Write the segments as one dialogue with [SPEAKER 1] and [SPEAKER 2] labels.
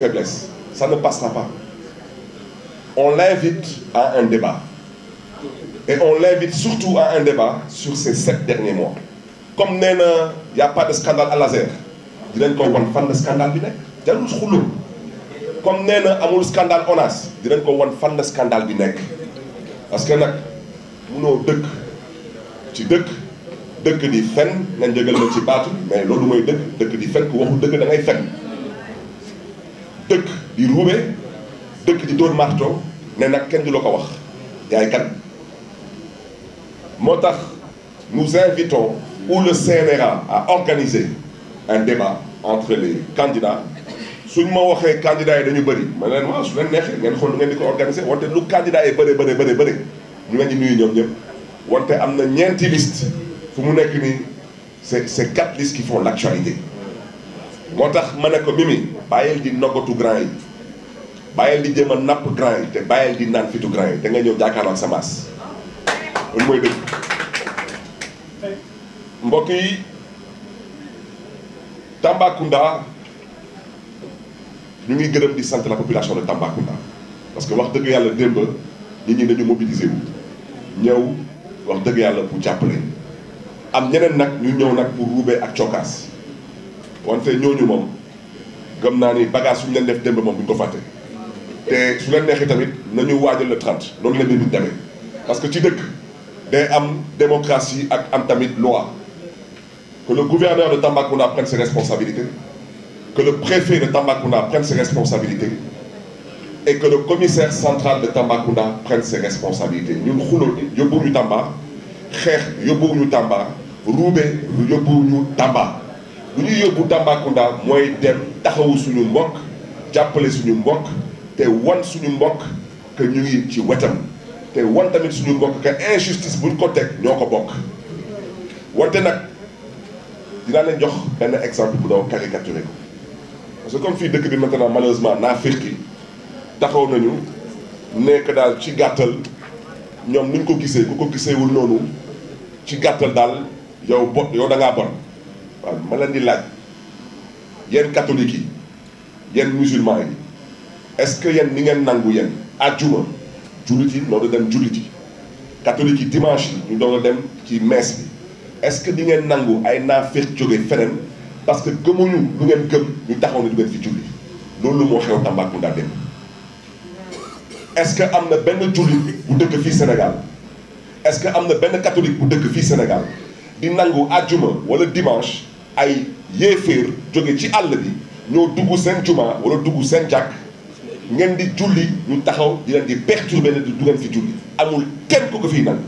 [SPEAKER 1] faiblesse ça ne passera pas on l'invite à un débat et on l'invite surtout à un sur ces sept derniers mois comme nee na y a pas de scandale à Laser dinañ ko won fan la scandale bi nekk jarul xullu comme nee na amul scandale ONAS dinañ ko won fan la scandale bi nekk parce que nag munoo dëkk ci dëkk dëkk di fen nga njëgal la ci baatu mais loolu mooy dëkk dëkk di fen ku waxul dëgg da fen dëkk di ruube dëkk di dóor marto ne nag kenn du la ko wax yaay kan moo tax mu invitons ou le CNRA à organiser un débat entre les candidats suñ ma waxee candidats yi dañu bëri ma leen waaw su leen neexee ngeen xool nu ngeen di ko organiser wante lu candidats yi bëree bëree bëree bëri ñu leen di nuyu ñoom ñëpp wante am na ñeenti list fu mu nekk nii c'est c'est quatre listes qui font l'actualité moo tax ma ne ko Mimi bàyyil di noggatu grand yi bàyyil di jéem a napp yi naan fitu grand yi te nga ñëw jàkkaarloo ak sa maas loolu mooy dëgg mbokk yi Tambacounda ñu ngi gërëm di sant la population de Tambacounda parce que wax dëgg yàlla démb nit ñi dañu mobiliser wu ñëw wax dëgg yàlla bu jàppale am ñeneen nag ñu ñëw nag bu ruubee ak cokkaas wante ñooñu moom gëm naa ni bagage suñu leen def démb moom bu ñu ko fàtte te su leen neexee tamit nañu waajal le 30 loolu la mbir mi demee parce que ci dëkk day am démocratie ak am tamit loi que le gouverneur de Tambacounda prenne ses responsabilités que le préfet de Tambacounda prenne ses responsabilités et que le commissaire central de Tambacounda prenne ses responsabilités ñun xuloo ni yóbbu ñu Tamba xeex yóbbu ñu Tamba ruube yóbbu ñu Tamba lu ñuy yóbbu Tambacounda mooy dem taxawu suñu mbokk jàppale suñu mbokk te wan suñu mbokk que ñu ngi ci wetam te wan tamit suñu mbokk que injustice buñ ko teg ñoo ko bokk wante nag dinaa leen jox benn exemple bu daw caricaturé parce que comme fii dëkk bi maintenant malheureusement naa firki taxaw nañu nekk daal ci gàttal ñoom nuñ ko gisee ku ko gisee wul noonu ci gàttal daal yow bot yow da bon waaw ma leen di laaj yéen catholique yi yéen musulman yi est-ce que yéen ni ngeen nangu yéen àjjuma jullit yi noonu dem jullit yi catholique yi dimanche yi ñu doon dem ci messe bi est-ce que di ngeen nangu ay naafeq jóge feneen parce que gëmuñu lu ngeen gëm ñu taxaw ne du ngeen fi julli loolu moo xew Tambacounda dem est-ce que am na benn jullit bu dëkk fii Sénégal est-ce que am na benn catholique bu dëkk fii Sénégal di nangu àjjuma wala dimanche ay yéeféer jóge ci àll bi ñoo dugg seen juma wala dugg seen jàkk ngeen di julli ñu taxaw di leen di perturber ne du ngeen fi julli amul kenn ku ko fiy nag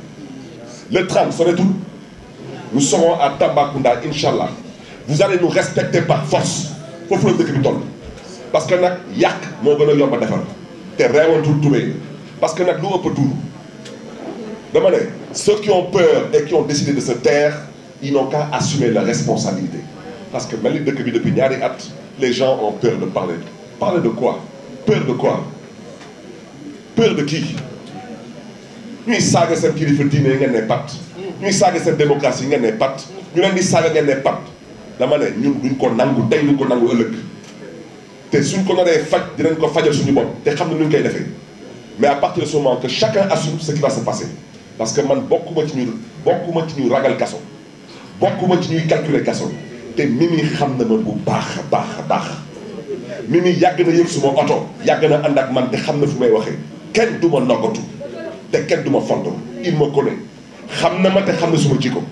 [SPEAKER 1] le 30 soretul nous serons à Tambacounda incha allah vous allez nous respecter par force foofu la dëkk bi toll parce que nag yàq moo gën a yomb defar te reewantul tubéy parce que nag lu ëpp tuur dama ne ceux qui ont peur et qui ont décidé de se taire ils n'ont qu'à assumer leur responsabilité parce que Mali dëkk bi depuis ñaari at les gens ont peur de parler parler de quoi peur de quoi peur de qui ñuy saaga seen kilifa diine ngeen ne pat ñuy saaga seen démocratie ngeen ne pat ñu leen di saaga ngeen ne pat dama ne ñun duñ ko nangu tey duñ ko nangu ëllëg te suñ ko naree faj dinañ ko fajal suñu bopp te xam ne nuñ koy defee mais à partir de ce moment que chacun assume ce qui va se passer parce que man bokkuma ci ñu bokkuma ci ñu ragal kaso bokkuma ci ñuy calculer kaso. te mi mi xam na ma bu baax a baax a baax Mimi yàgg na yëg suma oto yàgg na ànd ak man te xam na fu may waxee kenn du ma noggatu te kenn du ma fond il ma connaît xam na ma te xam na suma jikko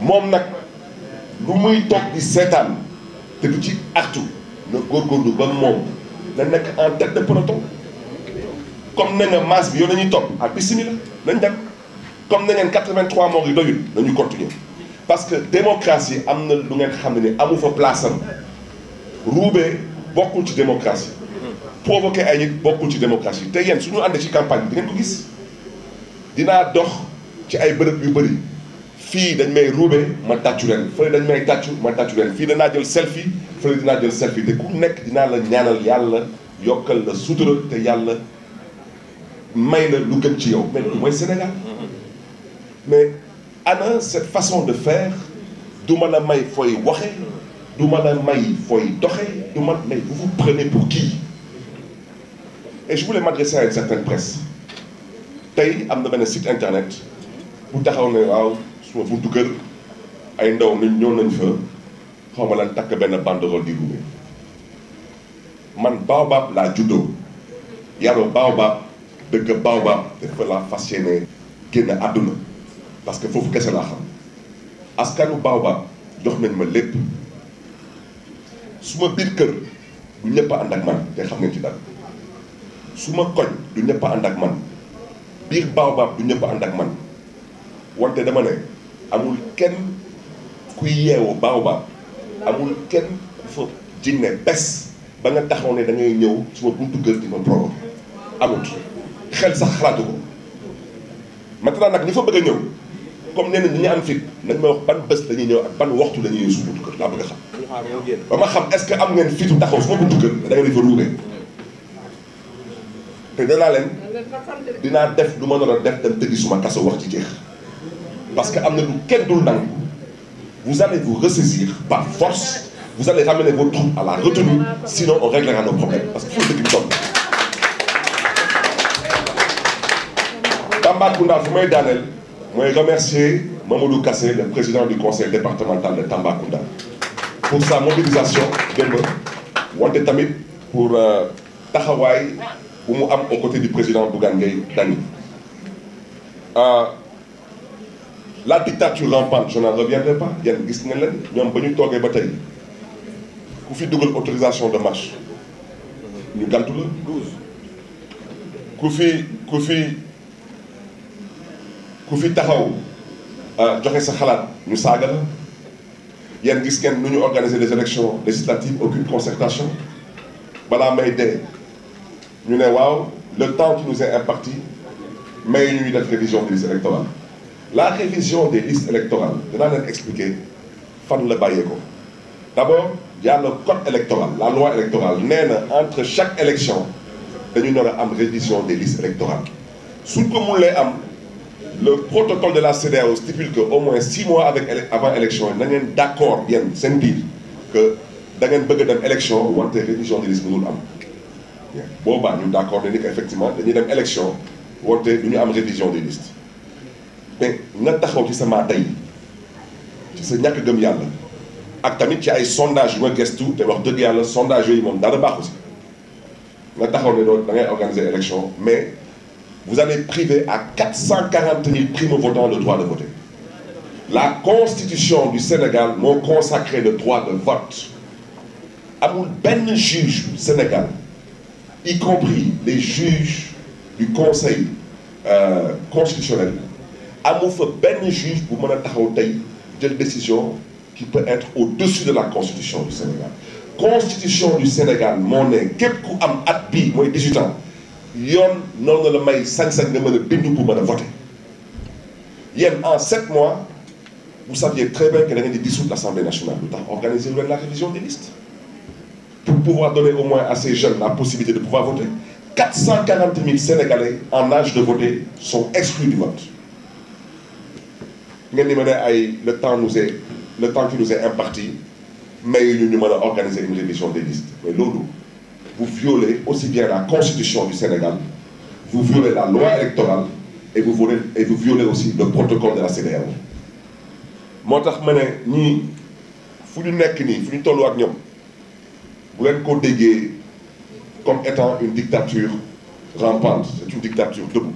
[SPEAKER 1] moom nag lu muy toog di seetaan te du ci artu na góorgóorlu ba moom na nekk en tête de peloton comme na nga masse bi yow ñuy topp ak ah bismillah nañ dem comme na ngeen 83 morts yi doyul nañu continuer parce que démocratie am na lu ngeen xam ne ni amu fa place am ruubee bokkul ci démocratie provoqué ay nit bokkul ci démocratie te yéen suñu àndee ci campagne bi di ko gis dinaa dox ci ay bërëb yu bëri fii dañ may ruube ma tàccu leen fële dañ may tàccu ma tàccu leen fii danaa jël selfie fële dinaa jël selfie te ku nekk dinaa la ñaanal yàlla yokkal la sutura te yàlla may la lu gën ci yow mais loolu mooy Sénégal mm-hmm. ana cette façon de faire du ma la may fooy waxe du ma la may fooy doxe du ma may vous vous prenez pour qui et je voulais m'adresser à une tey am na benn site internet bu taxaw ne waaw suma buntu kër ay ndaw nañ ñëw nañ fa xaw ma lan takk benn banderole di Roubaix man baobab laa juddoo yaroo baobab dëgg baobab dafa laa fas yéene génn àdduna parce que foofu kese laa xam askanu Baobab jox nañ ma lépp su ma biir kër du ñëpp a ànd ak man te xam ngeen ci dara su ma koñ du ñëpp a ànd ak man biir Baobab du ñëpp ànd ak man wante dama ne amul kenn kuy yeewu Baobab amul kenn ku fa jinne ba nga taxaw ne da ñëw su buntu kër di ma provoqué amut xel sax xalaatu ko maintenant nag ñu fa bëgg a ñëw. comme nee nañ dañu am fit nañ ma wax ban bés la ñuy ñëw ak ban waxtu la ñuy ñëw suñu buntu kër laa xam. ba ma xam est-ce que am ngeen fitu taxaw su ma buntu kër da nga di fa ruuree. te danaa leen dinaa def lu ma nar a def dem tëddi suma kaso wax ci jeex parce que am na lu kenn dul nangu vous allez vous ressaisir par force vous allez ramener vos troupes à la retenue sinon on réglera nos problèmes parce que fii dëkk bi toll. Tambacounda fu may daaneel. mooy remercier Mamadou Kassé le président du conseil départemental de Tambacounda pour sa mobilisation démb wante tamit pour euh, taxawaay bu mu am aux côtés du président Bougane Gueye Dany euh, la dictature la je n'en reviendrai pas yéen gis nañ leen ñoom ba ñu toogee ba tey ku fi dugal autorisation de marche ñu gantu la ku fi ku ku fi taxaw ah, joxe sa xalaat ñu saaga la yéen gis ngeen nu ñu organiser les élections législatives aucune concertation balaa may dee ñu ne waaw le temps qui nous est imparti mais ñuy def révision des listes électorales la révision des listes électorales dinaa leen expliquer fan la bàyyee ko d' abord y a le code électoral la loi électorale nee na entre chaque élection dañu nar a am révision des listes électorales suñ ko mënulee am le protocole de la CEDEAO stipule que au moins six mois avec avant élection yi na ngeen d' seen biir que da ngeen bëgg dem élection wante révision de mu mënul am boobaa ñu d' accord ne effectivement dañuy dem élection wante du ñu am révision des listes mais nga taxaw ci sama tey ci sa ñàkk gëm yàlla ak tamit ci ay sondage yu nga gestu te wax dëgg yàlla sondage yooyu moom dara baaxu si nga taxaw ne doon da ngay organiser élection mais vous allez priver à 440 000 primo-votants le droit de voter. La constitution du Sénégal moo consacré le droit de vote amul benn juge Sénégal y compris les juges du conseil euh, constitutionnel amul fa benn juge bu mën a taxaw tey jël décision qui peut être au-dessus de la constitution du Sénégal constitution du Sénégal moo ne képp ku am at bi mooy 18 yoon noonu la may sañ-sañ nga mën a bindu pour mën a voter yéen en sept mois vous saviez très bien que da ngeen di dissoudre l'Assemblée nationale lu tax organiser lu leen la révision des listes pour pouvoir donner au moins à ces jeunes la possibilité de pouvoir voter quatre cent quarante mille Sénégalais en âge de voter sont exclus du vote ngeen di ma ne ay le temps nous est le temps qui nous est imparti mayuñu ñu mën a organiser une révision des listes mais loolu vous violez aussi bien la constitution du Sénégal, vous violez la loi électorale et vous violez, aussi le protocole de la CEDEAO moo tax ma ne ñii fu ñu nekk nii fu ñu tollu ak ñoom bu leen ko déggee comme étant une dictature rampante c'est une dictature debout